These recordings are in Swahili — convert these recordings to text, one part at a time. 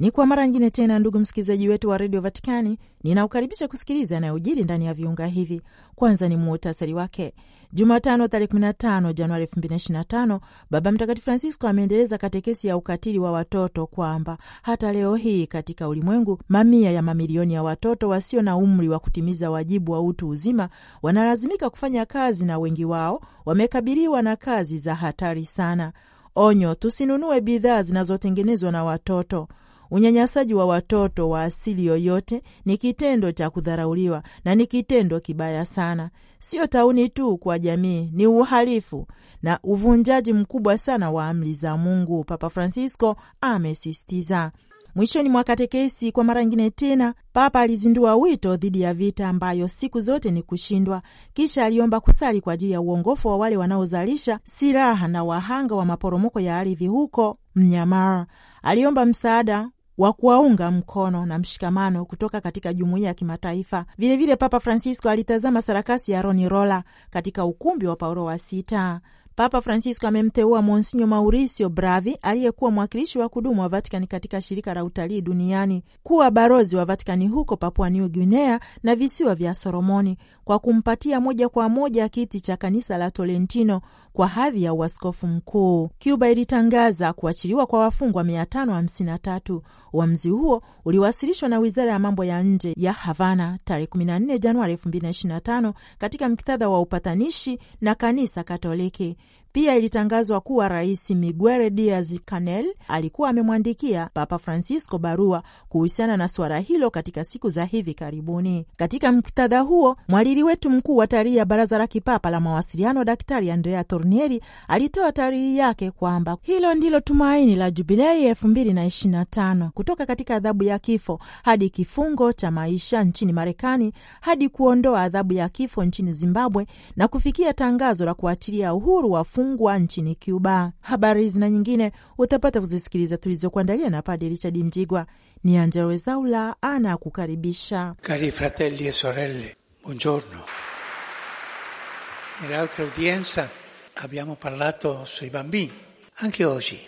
Ni kwa mara nyingine tena, ndugu msikilizaji wetu wa redio Vatikani, ninaukaribisha kusikiliza yanayojiri ndani ya viunga hivi. Kwanza ni muhtasari wake. Jumatano tarehe 15 Januari 2025, Baba Mtakatifu Francisco ameendeleza katekesi ya ukatili wa watoto kwamba hata leo hii katika ulimwengu mamia ya mamilioni ya watoto wasio na umri wa kutimiza wajibu wa utu uzima wanalazimika kufanya kazi na wengi wao wamekabiliwa na kazi za hatari sana. Onyo: tusinunue bidhaa zinazotengenezwa na watoto. Unyanyasaji wa watoto wa asili yoyote ni kitendo cha kudharauliwa na ni kitendo kibaya sana. Sio tauni tu kwa jamii, ni uhalifu na uvunjaji mkubwa sana wa amri za Mungu, Papa Francisco amesisitiza. Mwishoni mwa katekesi, kwa mara nyingine tena, Papa alizindua wito dhidi ya vita ambayo siku zote ni kushindwa. Kisha aliomba kusali kwa ajili ya uongofu wa wale wanaozalisha silaha na wahanga wa maporomoko ya ardhi huko Mnyamara. Aliomba msaada wa kuwaunga mkono na mshikamano kutoka katika jumuiya ya kimataifa. Vilevile Papa Francisco alitazama sarakasi ya Roni Rola katika ukumbi wa Paulo wa Sita. Papa Francisco amemteua Monsinyo Mauricio Bravi aliyekuwa mwakilishi wa kudumu wa Vatikani katika shirika la utalii duniani kuwa barozi wa Vatikani huko Papua New Guinea na visiwa vya Solomoni kwa kumpatia moja kwa moja kiti cha kanisa la Tolentino kwa hadhi ya uaskofu mkuu. Cuba ilitangaza kuachiliwa kwa wafungwa 553. Uamuzi huo uliwasilishwa na wizara ya mambo ya nje ya Havana tarehe 14 Januari 2025 katika mktadha wa upatanishi na kanisa Katoliki. Pia ilitangazwa kuwa Rais Miguel Diaz Canel alikuwa amemwandikia Papa Francisco barua kuhusiana na suala hilo katika siku za hivi karibuni. Katika muktadha huo, mwaliri wetu mkuu wa taarihi ya Baraza la Kipapa la Mawasiliano, Daktari Andrea Tornieri alitoa taarihi yake kwamba hilo ndilo tumaini la Jubilei elfu mbili na ishirini na tano, kutoka katika adhabu ya kifo hadi kifungo cha maisha nchini Marekani hadi kuondoa adhabu ya kifo nchini Zimbabwe na kufikia tangazo la kuachilia uhuru wa kufungwa nchini Cuba. Habari hizi na nyingine utapata kuzisikiliza tulizokuandalia na Padre Richard Mjigwa. Ni Angela Wezaula ana kukaribisha. Cari fratelli e sorelle, buongiorno. Nell'altra udienza abbiamo parlato sui bambini, anche oggi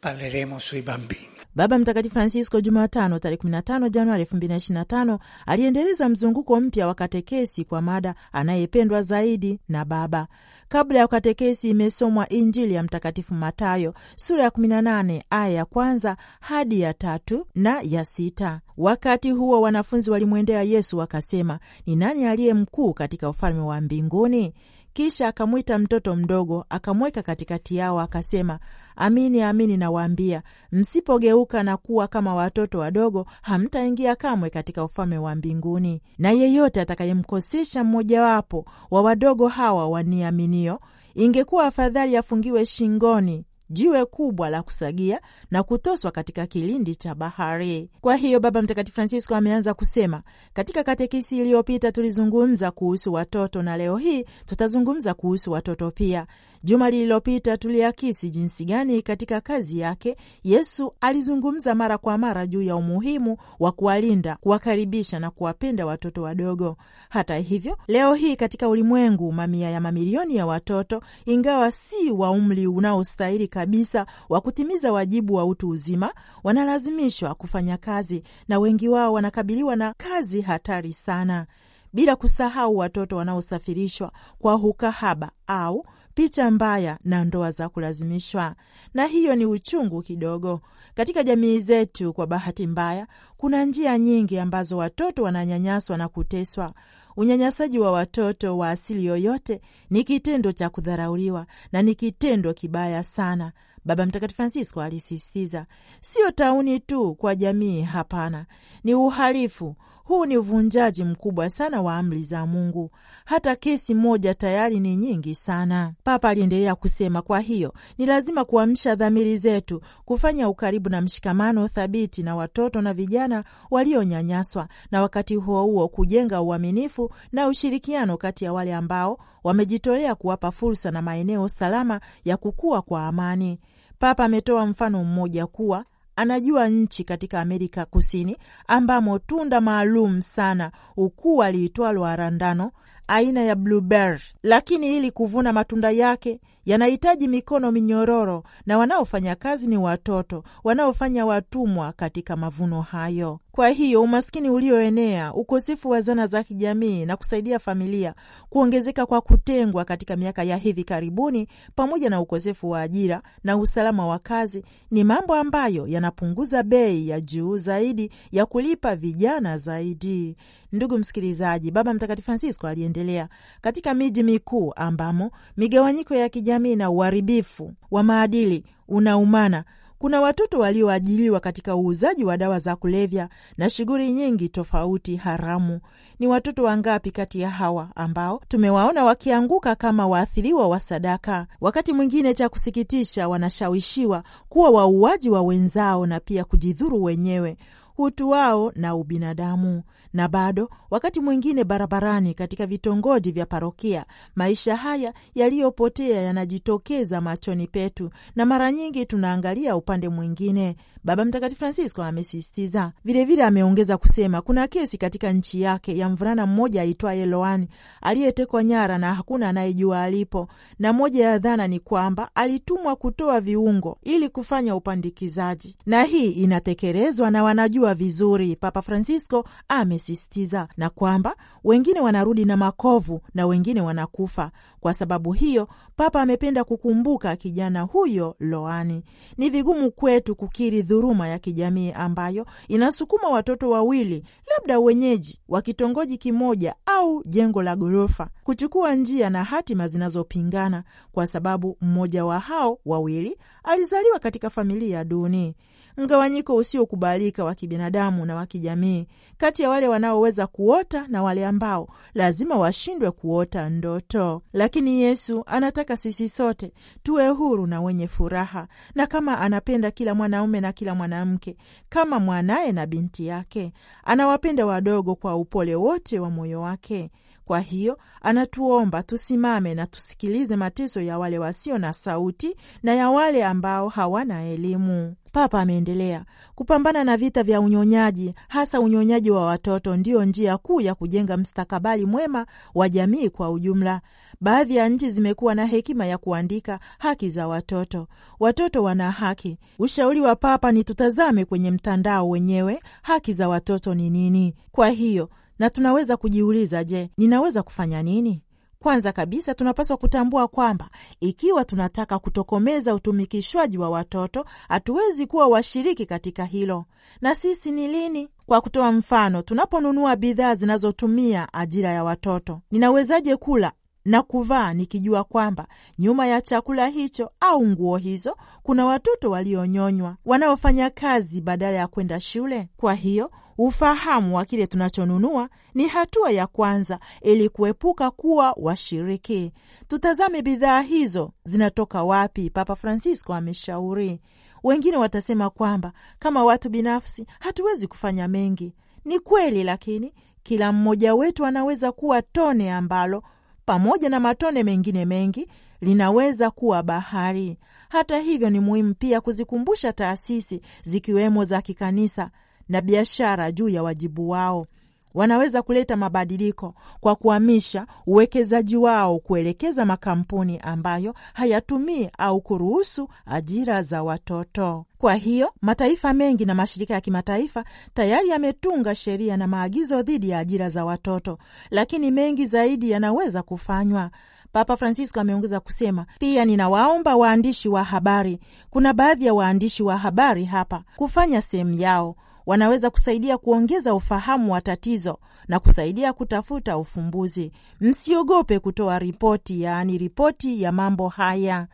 parleremo sui bambini. Baba Mtakatifu Francisco Jumatano tarehe 15 Januari 2025 aliendeleza mzunguko mpya wa katekesi kwa mada anayependwa zaidi na Baba. Kabla ya katekesi imesomwa Injili ya Mtakatifu Matayo sura ya 18 aya ya kwanza hadi ya tatu na ya sita. Wakati huo wanafunzi walimwendea Yesu wakasema, ni nani aliye mkuu katika ufalme wa mbinguni? Kisha akamwita mtoto mdogo, akamweka katikati yao, akasema, Amini, amini nawaambia, msipogeuka na kuwa kama watoto wadogo, hamtaingia kamwe katika ufalme wa mbinguni. Na yeyote atakayemkosesha mmojawapo wa wadogo hawa waniaminio, ingekuwa afadhali afungiwe shingoni jiwe kubwa la kusagia na kutoswa katika kilindi cha bahari. Kwa hiyo Baba Mtakatifu Francisco ameanza kusema, katika katekisi iliyopita tulizungumza kuhusu watoto na leo hii tutazungumza kuhusu watoto pia. Juma lililopita tuliakisi jinsi gani katika kazi yake Yesu alizungumza mara kwa mara juu ya umuhimu wa kuwalinda, kuwakaribisha na kuwapenda watoto wadogo. Hata hivyo, leo hii katika ulimwengu, mamia ya mamilioni ya watoto, ingawa si wa umri unaostahili kabisa wa kutimiza wajibu wa utu uzima wanalazimishwa kufanya kazi, na wengi wao wanakabiliwa na kazi hatari sana, bila kusahau watoto wanaosafirishwa kwa hukahaba au picha mbaya na ndoa za kulazimishwa, na hiyo ni uchungu kidogo. Katika jamii zetu, kwa bahati mbaya, kuna njia nyingi ambazo watoto wananyanyaswa na kuteswa Unyanyasaji wa watoto wa asili yoyote ni kitendo cha kudharauliwa na ni kitendo kibaya sana. Baba Mtakatifu Francisco alisisitiza, sio tauni tu kwa jamii, hapana, ni uhalifu huu ni uvunjaji mkubwa sana wa amri za Mungu. Hata kesi moja tayari ni nyingi sana. Papa aliendelea kusema, kwa hiyo ni lazima kuamsha dhamiri zetu, kufanya ukaribu na mshikamano thabiti na watoto na vijana walionyanyaswa, na wakati huo huo kujenga uaminifu na ushirikiano kati ya wale ambao wamejitolea kuwapa fursa na maeneo salama ya kukua kwa amani. Papa ametoa mfano mmoja kuwa anajua nchi katika Amerika Kusini ambamo tunda maalum sana ukuwa liitwalo arandano aina ya blueberry, lakini ili kuvuna matunda yake yanahitaji mikono minyororo, na wanaofanya kazi ni watoto wanaofanya watumwa katika mavuno hayo. Kwa hiyo umaskini ulioenea, ukosefu wa zana za kijamii na kusaidia familia, kuongezeka kwa kutengwa katika miaka ya hivi karibuni, pamoja na ukosefu wa ajira na usalama wa kazi, ni mambo ambayo yanapunguza bei ya juu zaidi ya kulipa vijana zaidi. Ndugu msikilizaji, Baba Mtakatifu Francisco aliendelea, katika miji mikuu ambamo migawanyiko ya kijamii kijamii na uharibifu wa maadili unaumana. Kuna watoto walioajiliwa katika uuzaji wa dawa za kulevya na shughuli nyingi tofauti haramu. Ni watoto wangapi kati ya hawa ambao tumewaona wakianguka kama waathiriwa wa sadaka? Wakati mwingine, cha kusikitisha, wanashawishiwa kuwa wauaji wa wenzao na pia kujidhuru wenyewe, utu wao na ubinadamu na bado wakati mwingine barabarani, katika vitongoji vya parokia, maisha haya yaliyopotea yanajitokeza machoni petu, na mara nyingi tunaangalia upande mwingine. Baba Mtakatifu Francisco amesisitiza vilevile. Ameongeza kusema kuna kesi katika nchi yake ya mvulana mmoja aitwaye loan aliyetekwa nyara na hakuna anayejua alipo, na moja ya dhana ni kwamba alitumwa kutoa viungo ili kufanya upandikizaji, na hii inatekelezwa na wanajua vizuri, Papa Francisco ame anasisitiza, na kwamba wengine wanarudi na makovu na wengine wanakufa. Kwa sababu hiyo, Papa amependa kukumbuka kijana huyo Loani. Ni vigumu kwetu kukiri dhuruma ya kijamii ambayo inasukuma watoto wawili, labda wenyeji wa kitongoji kimoja au jengo la ghorofa, kuchukua njia na hatima zinazopingana, kwa sababu mmoja wa hao wawili alizaliwa katika familia duni. Mgawanyiko usiokubalika wa kibinadamu na wa kijamii kati ya wale wale wanaoweza kuota na wale ambao lazima washindwe kuota ndoto. Lakini Yesu anataka sisi sote tuwe huru na wenye furaha, na kama anapenda kila mwanaume na kila mwanamke kama mwanaye na binti yake, anawapenda wadogo kwa upole wote wa moyo wake. Kwa hiyo anatuomba tusimame na tusikilize mateso ya wale wasio na sauti na ya wale ambao hawana elimu. Papa ameendelea kupambana na vita vya unyonyaji, hasa unyonyaji wa watoto, ndiyo njia kuu ya kujenga mstakabali mwema wa jamii kwa ujumla. Baadhi ya nchi zimekuwa na hekima ya kuandika haki za watoto. Watoto wana haki. Ushauri wa Papa ni tutazame kwenye mtandao wenyewe, haki za watoto ni nini? Kwa hiyo na tunaweza kujiuliza, je, ninaweza kufanya nini? Kwanza kabisa tunapaswa kutambua kwamba ikiwa tunataka kutokomeza utumikishwaji wa watoto, hatuwezi kuwa washiriki katika hilo. Na sisi ni lini? Kwa kutoa mfano, tunaponunua bidhaa zinazotumia ajira ya watoto, ninawezaje kula na kuvaa nikijua kwamba nyuma ya chakula hicho au nguo hizo kuna watoto walionyonywa wanaofanya kazi badala ya kwenda shule? Kwa hiyo Ufahamu wa kile tunachonunua ni hatua ya kwanza ili kuepuka kuwa washiriki. Tutazame bidhaa hizo zinatoka wapi, Papa Francisco ameshauri. Wengine watasema kwamba kama watu binafsi hatuwezi kufanya mengi. Ni kweli, lakini kila mmoja wetu anaweza kuwa tone ambalo pamoja na matone mengine mengi linaweza kuwa bahari. Hata hivyo, ni muhimu pia kuzikumbusha taasisi zikiwemo za kikanisa na biashara juu ya wajibu wao. Wanaweza kuleta mabadiliko kwa kuhamisha uwekezaji wao kuelekeza makampuni ambayo hayatumii au kuruhusu ajira za watoto. Kwa hiyo mataifa mengi na mashirika ya kimataifa tayari yametunga sheria na maagizo dhidi ya ajira za watoto, lakini mengi zaidi yanaweza kufanywa. Papa Francisco ameongeza kusema, pia ninawaomba waandishi wa habari, kuna baadhi ya waandishi wa habari hapa, kufanya sehemu yao wanaweza kusaidia kuongeza ufahamu wa tatizo na kusaidia kutafuta ufumbuzi. Msiogope kutoa ripoti, yaani ripoti ya mambo haya,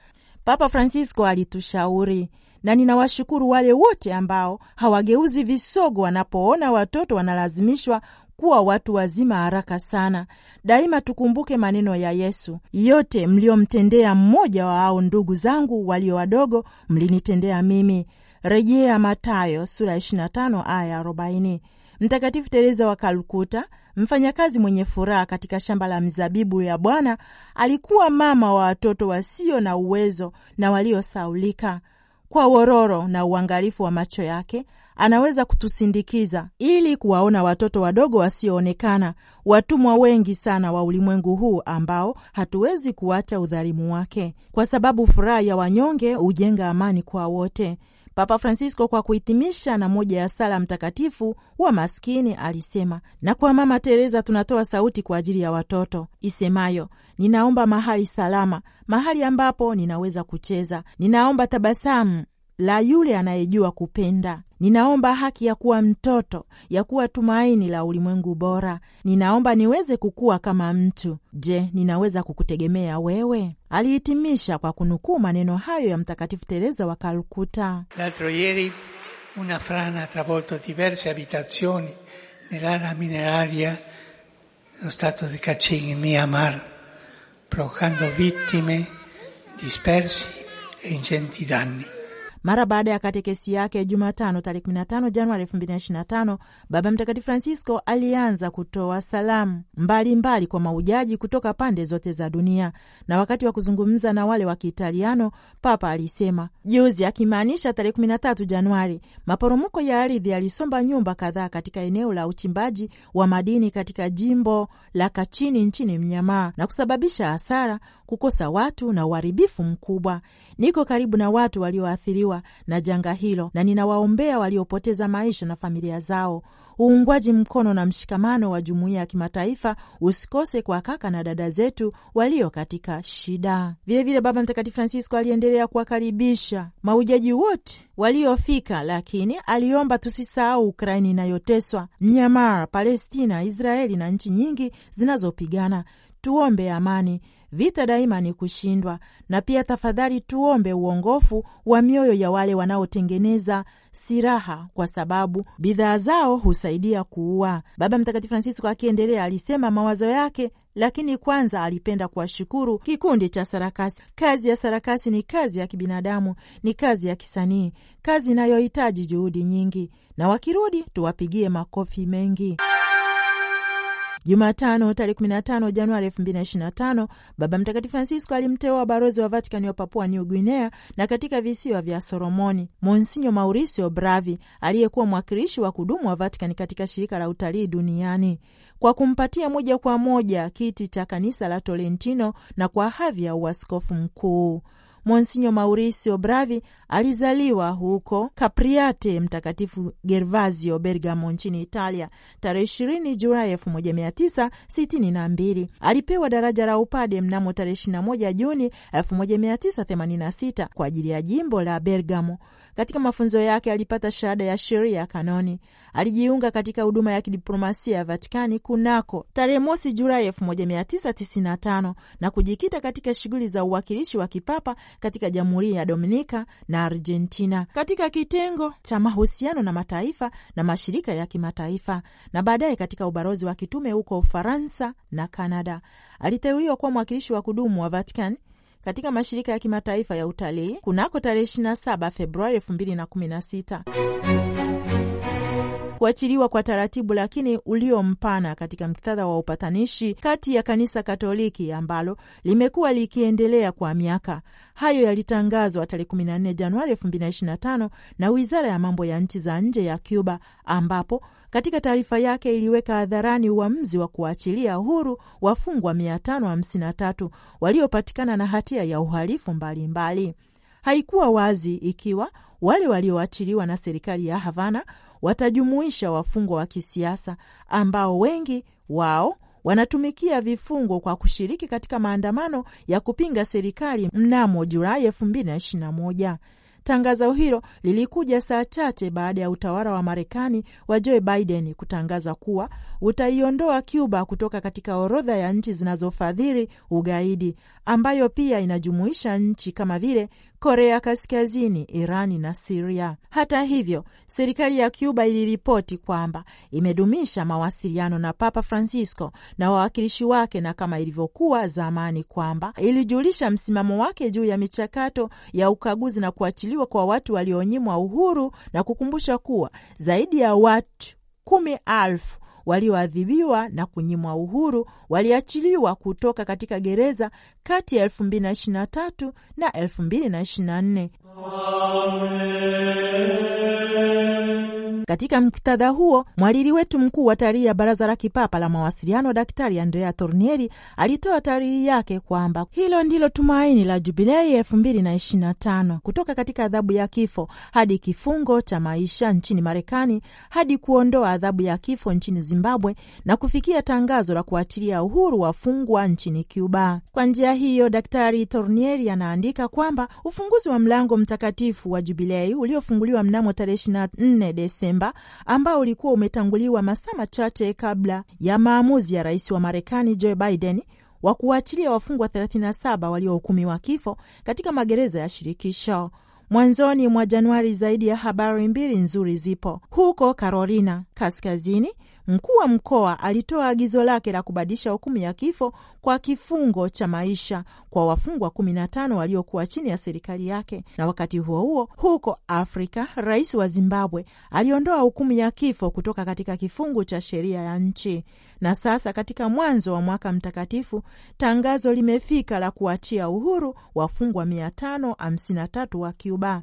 Papa Francisco alitushauri na ninawashukuru wale wote ambao hawageuzi visogo wanapoona watoto wanalazimishwa kuwa watu wazima haraka sana. Daima tukumbuke maneno ya Yesu, yote mliomtendea mmoja wa hao ndugu zangu walio wadogo mlinitendea mimi. Rejea Mathayo sura 25 aya 40. Mtakatifu tereza wa Kalkuta, mfanyakazi mwenye furaha katika shamba la mzabibu ya Bwana, alikuwa mama wa watoto wasio na uwezo na waliosaulika. Kwa wororo na uangalifu wa macho yake anaweza kutusindikiza ili kuwaona watoto wadogo wasioonekana, watumwa wengi sana wa ulimwengu huu ambao hatuwezi kuacha udhalimu wake, kwa sababu furaha ya wanyonge hujenga amani kwa wote. Papa Francisco kwa kuhitimisha na moja ya sala mtakatifu wa maskini alisema, na kwa Mama Teresa tunatoa sauti kwa ajili ya watoto isemayo, ninaomba mahali salama, mahali ambapo ninaweza kucheza, ninaomba tabasamu la yule anayejua kupenda. Ninaomba haki ya kuwa mtoto, ya kuwa tumaini la ulimwengu bora. Ninaomba niweze kukua kama mtu. Je, ninaweza kukutegemea wewe? Alihitimisha kwa kunukuu maneno hayo ya Mtakatifu tereza wa Kalkuta. L'altro ieri una frana ha travolto diverse abitazioni nell'area mineraria lo stato di Kachin in Myanmar, provocando vittime, dispersi e ingenti danni. Mara baada ya katekesi yake Jumatano tarehe 15 Januari 2025, Baba Mtakatifu Francisco alianza kutoa salamu mbalimbali mbali kwa maujaji kutoka pande zote za dunia, na wakati wa kuzungumza na wale wa Kiitaliano, Papa alisema juzi, akimaanisha tarehe 13 Januari, maporomoko ya ardhi yalisomba nyumba kadhaa katika eneo la uchimbaji wa madini katika jimbo la Kachini nchini Mnyamaa na kusababisha hasara, kukosa watu na uharibifu mkubwa. Niko karibu na watu walioathiriwa kukabiliwa na janga hilo, na ninawaombea waliopoteza maisha na familia zao. Uungwaji mkono na mshikamano wa jumuiya ya kimataifa usikose kwa kaka na dada zetu walio katika shida. Vilevile Baba Mtakatifu Francisco aliendelea kuwakaribisha maujaji wote waliofika, lakini aliomba tusisahau Ukraini inayoteswa, Mnyamara, Palestina, Israeli na nchi nyingi zinazopigana. Tuombe amani Vita daima ni kushindwa. Na pia tafadhali, tuombe uongofu wa mioyo ya wale wanaotengeneza silaha, kwa sababu bidhaa zao husaidia kuua. Baba Mtakatifu Francisco akiendelea alisema mawazo yake, lakini kwanza alipenda kuwashukuru kikundi cha sarakasi. Kazi ya sarakasi ni kazi ya kibinadamu, ni kazi ya kisanii, kazi inayohitaji juhudi nyingi, na wakirudi tuwapigie makofi mengi. Jumatano tarehe 15 Januari 2025 Baba Mtakatifu Francisco alimteua balozi wa Vatikani wa Papua New Guinea na katika visiwa vya Solomoni, Monsinyo Mauricio Bravi aliyekuwa mwakilishi wa kudumu wa Vatikani katika shirika la utalii duniani kwa kumpatia moja kwa moja kiti cha kanisa la Tolentino na kwa hadhi ya uaskofu mkuu. Monsinyo Mauricio Bravi alizaliwa huko Capriate Mtakatifu Gervasio Bergamo nchini Italia tarehe 20 Julai 1962. Alipewa daraja la upade mnamo tarehe 21 Juni 1986 kwa ajili ya jimbo la Bergamo. Katika mafunzo yake alipata shahada ya sheria ya kanoni. Alijiunga katika huduma ya kidiplomasia ya Vatikani kunako tarehe mosi Julai 1995 na kujikita katika shughuli za uwakilishi wa kipapa katika Jamhuri ya Dominika na Argentina katika kitengo cha mahusiano na mataifa na mashirika ya kimataifa na baadaye katika ubalozi wa kitume huko Ufaransa na Kanada. Aliteuliwa kuwa mwakilishi wa kudumu wa Vatikani katika mashirika ya kimataifa ya utalii kunako tarehe 27 Februari 2016 kuachiliwa kwa taratibu lakini ulio mpana katika muktadha wa upatanishi kati ya kanisa Katoliki ambalo limekuwa likiendelea kwa miaka. Hayo yalitangazwa tarehe 14 Januari 2025 na wizara ya mambo ya nchi za nje ya Cuba ambapo katika taarifa yake iliweka hadharani uamuzi wa kuwaachilia huru wafungwa 553 waliopatikana na hatia ya uhalifu mbalimbali mbali. Haikuwa wazi ikiwa wale walioachiliwa na serikali ya Havana watajumuisha wafungwa wa kisiasa ambao wengi wao wanatumikia vifungo kwa kushiriki katika maandamano ya kupinga serikali mnamo Julai 2021. Tangazo hilo lilikuja saa chache baada ya utawala wa Marekani wa Joe Biden kutangaza kuwa utaiondoa Cuba kutoka katika orodha ya nchi zinazofadhili ugaidi ambayo pia inajumuisha nchi kama vile Korea Kaskazini, Irani na Siria. Hata hivyo, serikali ya Cuba iliripoti kwamba imedumisha mawasiliano na Papa Francisco na wawakilishi wake, na kama ilivyokuwa zamani kwamba ilijulisha msimamo wake juu ya michakato ya ukaguzi na kuachiliwa kwa watu walionyimwa uhuru na kukumbusha kuwa zaidi ya watu kumi elfu walioadhibiwa na kunyimwa uhuru waliachiliwa kutoka katika gereza kati ya 2023 na 2024. Amen. Katika muktadha huo, mwaliri wetu mkuu wa taarihi ya Baraza la Kipapa la Mawasiliano, Daktari Andrea Tornieri alitoa taariri yake kwamba hilo ndilo tumaini la Jubilei elfu mbili na ishirini tano, kutoka katika adhabu ya kifo hadi kifungo cha maisha nchini Marekani hadi kuondoa adhabu ya kifo nchini Zimbabwe na kufikia tangazo la kuachilia uhuru wafungwa nchini Cuba. Kwa njia hiyo, Daktari Tornieri anaandika kwamba ufunguzi wa mlango mtakatifu wa Jubilei uliofunguliwa mnamo tarehe 24 Desemba Novemba ambao ulikuwa umetanguliwa masaa machache kabla ya maamuzi ya rais wa Marekani Joe Biden wa kuwaachilia wafungwa 37 waliohukumiwa kifo katika magereza ya shirikisho. Mwanzoni mwa Januari, zaidi ya habari mbili nzuri zipo huko Carolina Kaskazini Mkuu wa mkoa alitoa agizo lake la kubadilisha hukumu ya kifo kwa kifungo cha maisha kwa wafungwa 15 waliokuwa chini ya serikali yake. Na wakati huo huo, huko Afrika, rais wa Zimbabwe aliondoa hukumu ya kifo kutoka katika kifungu cha sheria ya nchi. Na sasa katika mwanzo wa mwaka mtakatifu, tangazo limefika la kuachia uhuru wafungwa 553 wa Cuba.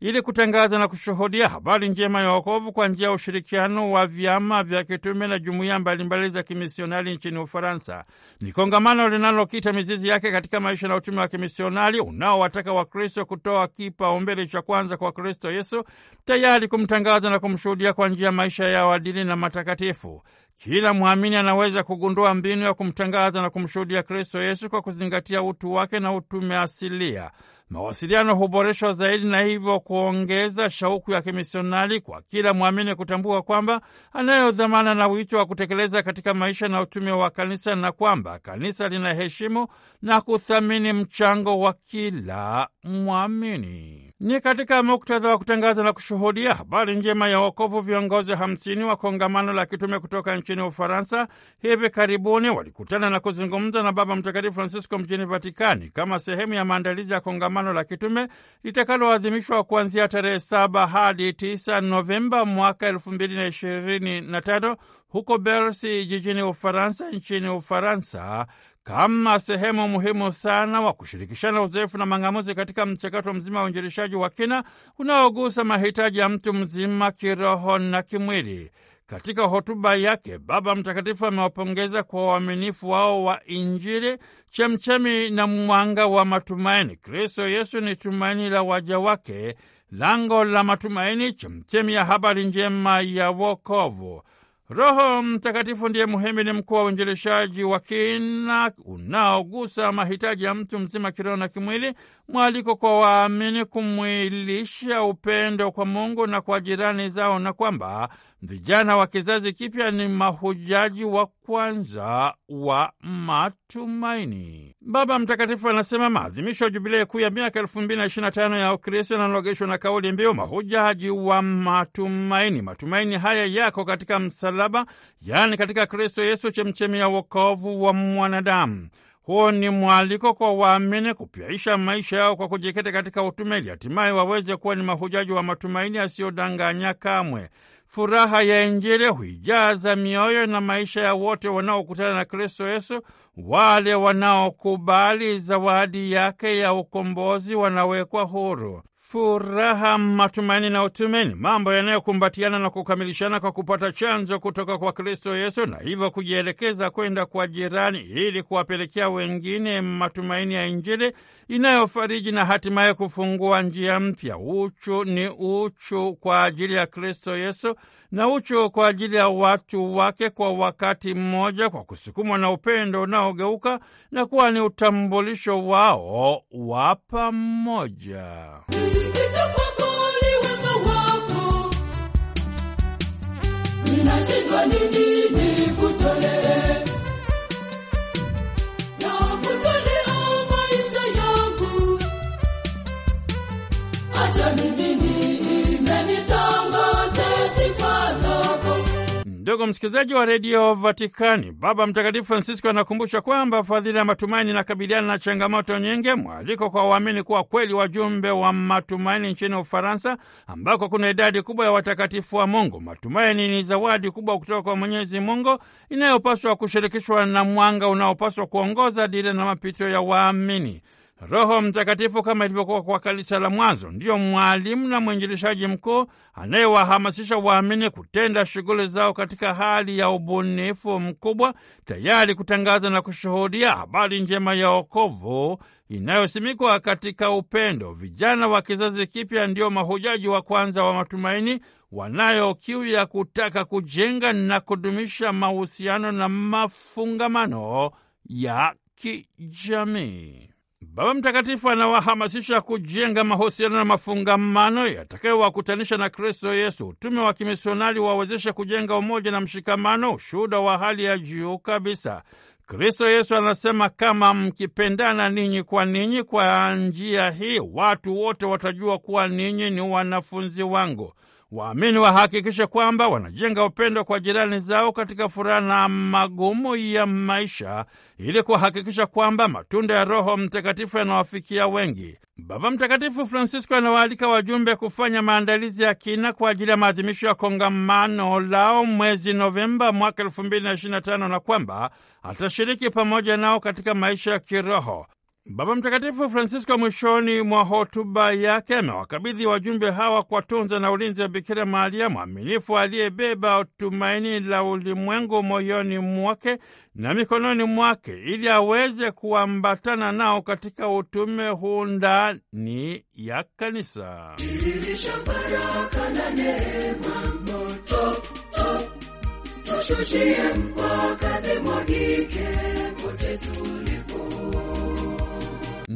ili kutangaza na kushuhudia habari njema ya wokovu kwa njia ya ushirikiano wa vyama vya kitume na jumuiya mbalimbali za kimisionari nchini Ufaransa. Ni kongamano linalokita mizizi yake katika maisha na utume wa kimisionari unaowataka Wakristo kutoa kipaumbele cha kwanza kwa Kristo Yesu, tayari kumtangaza na kumshuhudia kwa njia ya maisha ya waadili na matakatifu. Kila mwamini anaweza kugundua mbinu ya kumtangaza na kumshuhudia Kristo Yesu kwa kuzingatia utu wake na utume asilia mawasiliano huboreshwa zaidi na hivyo kuongeza shauku ya kimisionari kwa kila mwamini kutambua kwamba anayo dhamana na wito wa kutekeleza katika maisha na utume wa kanisa na kwamba kanisa linaheshimu na kuthamini mchango wa kila mwamini. Ni katika muktadha wa kutangaza na kushuhudia habari njema ya wokovu, viongozi hamsini wa kongamano la kitume kutoka nchini Ufaransa hivi karibuni walikutana na kuzungumza na Baba Mtakatifu Francisco mjini Vatikani kama sehemu ya maandalizi ya kongamano la kitume litakaloadhimishwa kuanzia tarehe saba hadi tisa Novemba mwaka elfu mbili na ishirini na tano huko Bersi jijini Ufaransa nchini Ufaransa kama sehemu muhimu sana wa kushirikishana uzoefu na mang'amuzi katika mchakato mzima wa uinjirishaji wa kina unaogusa mahitaji ya mtu mzima kiroho na kimwili. Katika hotuba yake, Baba Mtakatifu amewapongeza kwa uaminifu wao wa Injili, chemchemi na mwanga wa matumaini. Kristo Yesu ni tumaini la waja wake, lango la matumaini, chemchemi ya habari njema ya wokovu. Roho Mtakatifu ndiye muhimili mkuu wa uinjilishaji wa kina unaogusa mahitaji ya mtu mzima kiroho na kimwili, mwaliko kwa waamini kumwilisha upendo kwa Mungu na kwa jirani zao, na kwamba Vijana wa kizazi kipya ni mahujaji wa kwanza wa matumaini. Baba Mtakatifu anasema maadhimisho ya jubilei kuu ya miaka elfu mbili na ishirini na tano ya Ukristo yananogeshwa na kauli mbiu mahujaji wa matumaini. Matumaini haya yako katika msalaba, yaani katika Kristo Yesu, chemchemi ya wokovu wa mwanadamu. Huo ni mwaliko kwa waamini kupyaisha maisha yao kwa kujikita katika utume ili hatimaye waweze kuwa ni mahujaji wa matumaini asiyodanganya kamwe. Furaha ya Injili huijaza mioyo na maisha ya wote wanaokutana na Kristo Yesu. Wale wanaokubali zawadi yake ya ukombozi wanawekwa huru furaha, matumaini na utumeni, mambo yanayokumbatiana na kukamilishana kwa kupata chanzo kutoka kwa Kristo Yesu na hivyo kujielekeza kwenda kwa jirani ili kuwapelekea wengine matumaini ya Injili inayofariji na hatimaye kufungua njia mpya. Uchu ni uchu kwa ajili ya Kristo Yesu na uchu kwa ajili ya watu wake kwa wakati mmoja, kwa kusukumwa na upendo unaogeuka na kuwa ni utambulisho wao wa pamoja. baridi Ndugu msikilizaji wa redio Vatikani, Baba Mtakatifu Francisco anakumbusha kwamba fadhila ya matumaini inakabiliana na changamoto nyingi. Mwaliko kwa waamini kuwa kweli wajumbe wa matumaini nchini Ufaransa, ambako kuna idadi kubwa ya watakatifu wa Mungu. Matumaini ni zawadi kubwa kutoka kwa Mwenyezi Mungu inayopaswa kushirikishwa na mwanga unaopaswa kuongoza dira na mapito ya waamini. Roho Mtakatifu, kama ilivyokuwa kwa kanisa la mwanzo, ndiyo mwalimu na mwinjilishaji mkuu anayewahamasisha waamini kutenda shughuli zao katika hali ya ubunifu mkubwa, tayari kutangaza na kushuhudia habari njema ya wokovu inayosimikwa katika upendo. Vijana wa kizazi kipya ndio mahujaji wa kwanza wa matumaini, wanayo kiu ya kutaka kujenga na kudumisha mahusiano na mafungamano ya kijamii. Baba Mtakatifu anawahamasisha kujenga mahusiano na mafungamano yatakayowakutanisha na Kristo Yesu. Utume wa kimisionari wawezeshe kujenga umoja na mshikamano, ushuhuda wa hali ya juu kabisa. Kristo Yesu anasema, kama mkipendana ninyi kwa ninyi, kwa njia hii watu wote watajua kuwa ninyi ni wanafunzi wangu. Waamini wahakikishe kwamba wanajenga upendo kwa jirani zao katika furaha na magumu ya maisha ili kuhakikisha kwamba matunda ya Roho Mtakatifu yanawafikia wengi. Baba Mtakatifu Francisco anawaalika wajumbe kufanya maandalizi ya kina kwa ajili ya maadhimisho ya kongamano lao mwezi Novemba mwaka elfu na kwamba atashiriki pamoja nao katika maisha ya kiroho. Baba Mtakatifu Francisco mwishoni mwa hotuba yake amewakabidhi wajumbe hawa kwa tunza na ulinzi wa Bikira Maria mwaminifu aliyebeba tumaini la ulimwengu moyoni mwake na mikononi mwake ili aweze kuambatana nao katika utume huu ndani ya kanisa. Tushushie kote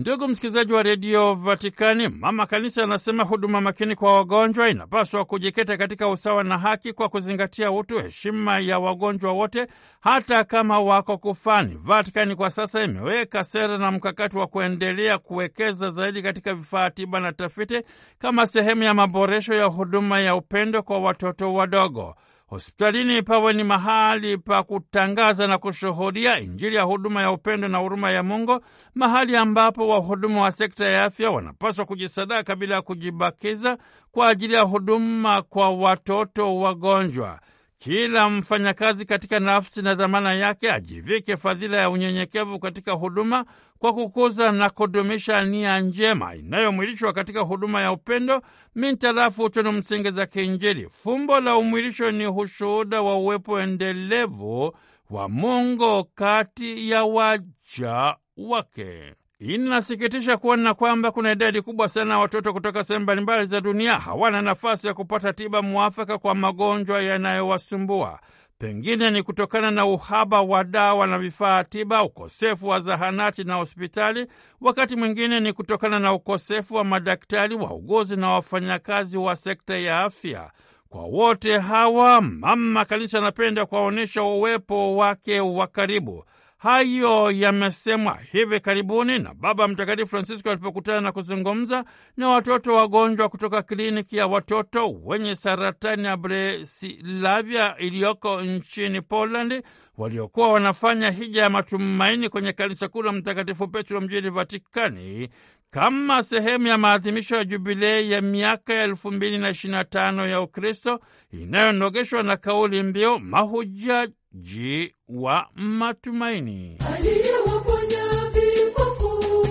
Ndugu msikilizaji wa redio Vatikani, mama kanisa anasema huduma makini kwa wagonjwa inapaswa kujikita katika usawa na haki kwa kuzingatia utu, heshima ya wagonjwa wote, hata kama wako kufani. Vatikani kwa sasa imeweka sera na mkakati wa kuendelea kuwekeza zaidi katika vifaa tiba na tafiti kama sehemu ya maboresho ya huduma ya upendo kwa watoto wadogo. Hospitalini pawe ni mahali pa kutangaza na kushuhudia Injili ya huduma ya upendo na huruma ya Mungu, mahali ambapo wahudumu wa sekta ya afya wanapaswa kujisadaka bila kujibakiza kwa ajili ya huduma kwa watoto wagonjwa. Kila mfanyakazi katika nafsi na dhamana yake ajivike fadhila ya unyenyekevu katika huduma kwa kukuza na kudumisha nia njema inayomwilishwa katika huduma ya upendo mintarafu utono msingi za kiinjili. Fumbo la umwilisho ni ushuhuda wa uwepo endelevu wa Mungu kati ya waja wake. Inasikitisha kuona kwamba kuna idadi kubwa sana ya watoto kutoka sehemu mbalimbali za dunia hawana nafasi ya kupata tiba mwafaka kwa magonjwa yanayowasumbua. Pengine ni kutokana na uhaba wa dawa na vifaa tiba, ukosefu wa zahanati na hospitali. Wakati mwingine ni kutokana na ukosefu wa madaktari, wauguzi na wafanyakazi wa sekta ya afya. Kwa wote hawa, Mama Kanisa anapenda kuwaonyesha uwepo wake wa karibu. Hayo yamesemwa hivi karibuni na Baba Mtakatifu Francisco alipokutana na kuzungumza na watoto wagonjwa kutoka kliniki ya watoto wenye saratani ya Bresilavia iliyoko nchini Poland, waliokuwa wanafanya hija ya matumaini kwenye kanisa kuu la Mtakatifu Petro mjini Vatikani kama sehemu ya maadhimisho ya jubilei ya miaka ya elfu mbili na ishirini na tano ya Ukristo inayonogeshwa na kauli mbiu mahujaji mji wa matumaini. Aliyewaponya vipofu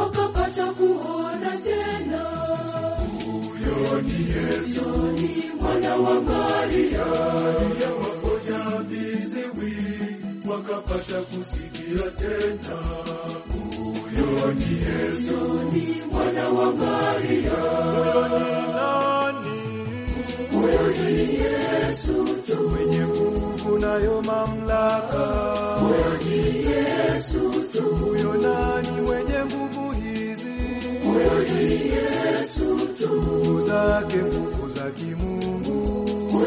wakapata kuona tena, huyo ni Yesu mwana wa Maria. Aliyewaponya viziwi wakapata kusikia tena, huyo ni Yesu mwana wa Maria. Huyo ni Yesu tu unayo mamlaka Yesu tu. Huyo nani mwenye nguvu hizi Yesu tu. Nguvu zake nguvu za kimungu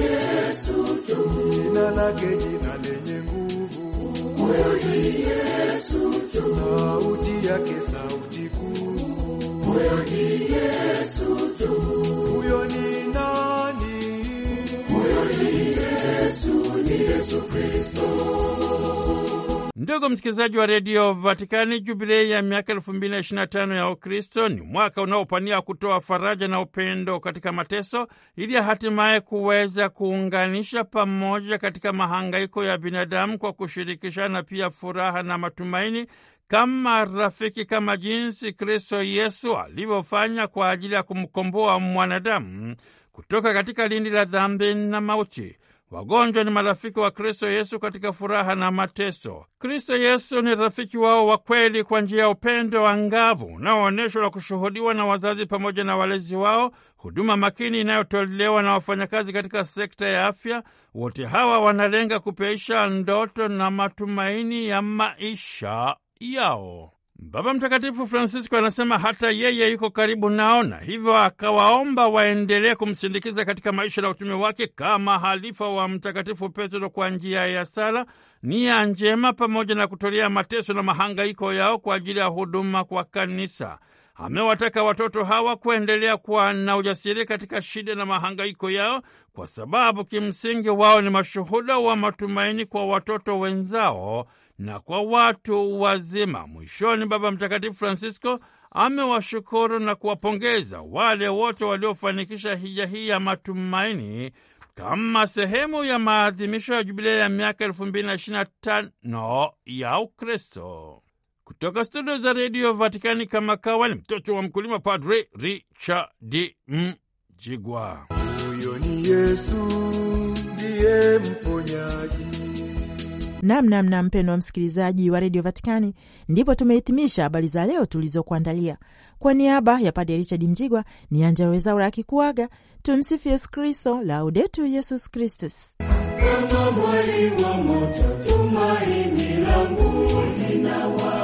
Yesu tu. Jina lake jina lenye nguvu Yesu tu. Sauti yake sauti kuu Yesu tu. Huyo ni Yesu Kristo. Ndugu msikilizaji wa redio Vatikani, jubilei ya miaka elfu mbili na ishirini na tano ya Ukristo ni mwaka unaopania kutoa faraja na upendo katika mateso ili hatimaye kuweza kuunganisha pamoja katika mahangaiko ya binadamu kwa kushirikishana pia furaha na matumaini kama rafiki, kama jinsi Kristo Yesu alivyofanya kwa ajili ya kumkomboa mwanadamu kutoka katika lindi la dhambi na mauti. Wagonjwa ni marafiki wa Kristo Yesu katika furaha na mateso. Kristo Yesu ni rafiki wao wa kweli kwa njia ya upendo wa ngavu unaoonyeshwa la kushuhudiwa na wazazi pamoja na walezi wao, huduma makini inayotolewa na wafanyakazi katika sekta ya afya. Wote hawa wanalenga kupeisha ndoto na matumaini ya maisha yao. Baba Mtakatifu Francisco anasema hata yeye yuko karibu nao na hivyo akawaomba waendelee kumsindikiza katika maisha na utume wake kama halifa wa Mtakatifu Petro kwa njia ya sala, nia njema, pamoja na kutolea mateso na mahangaiko yao kwa ajili ya huduma kwa kanisa. Amewataka watoto hawa kuendelea kuwa na ujasiri katika shida na mahangaiko yao, kwa sababu kimsingi wao ni mashuhuda wa matumaini kwa watoto wenzao na kwa watu wazima. Mwishoni, Baba Mtakatifu Francisco amewashukuru na kuwapongeza wale wote waliofanikisha hija hii ya matumaini kama sehemu ya maadhimisho ya jubilei ya miaka 2025 ya Ukristo. Kutoka studio za redio Vatikani, kama kawa ni mtoto wa mkulima, Padri Richard Mjigwa. Huyo ni Yesu ndiye mponyaji Namnamna mpendo wa msikilizaji wa redio Vatikani, ndipo tumehitimisha habari za leo tulizokuandalia. Kwa niaba ya Padre Richard Mjigwa ni Angella Wezaura akikuaga. Tumsifu Yesu Kristo, laudetu Yesus Kristus. Kama mwali wa moto, tumaini langu linawaka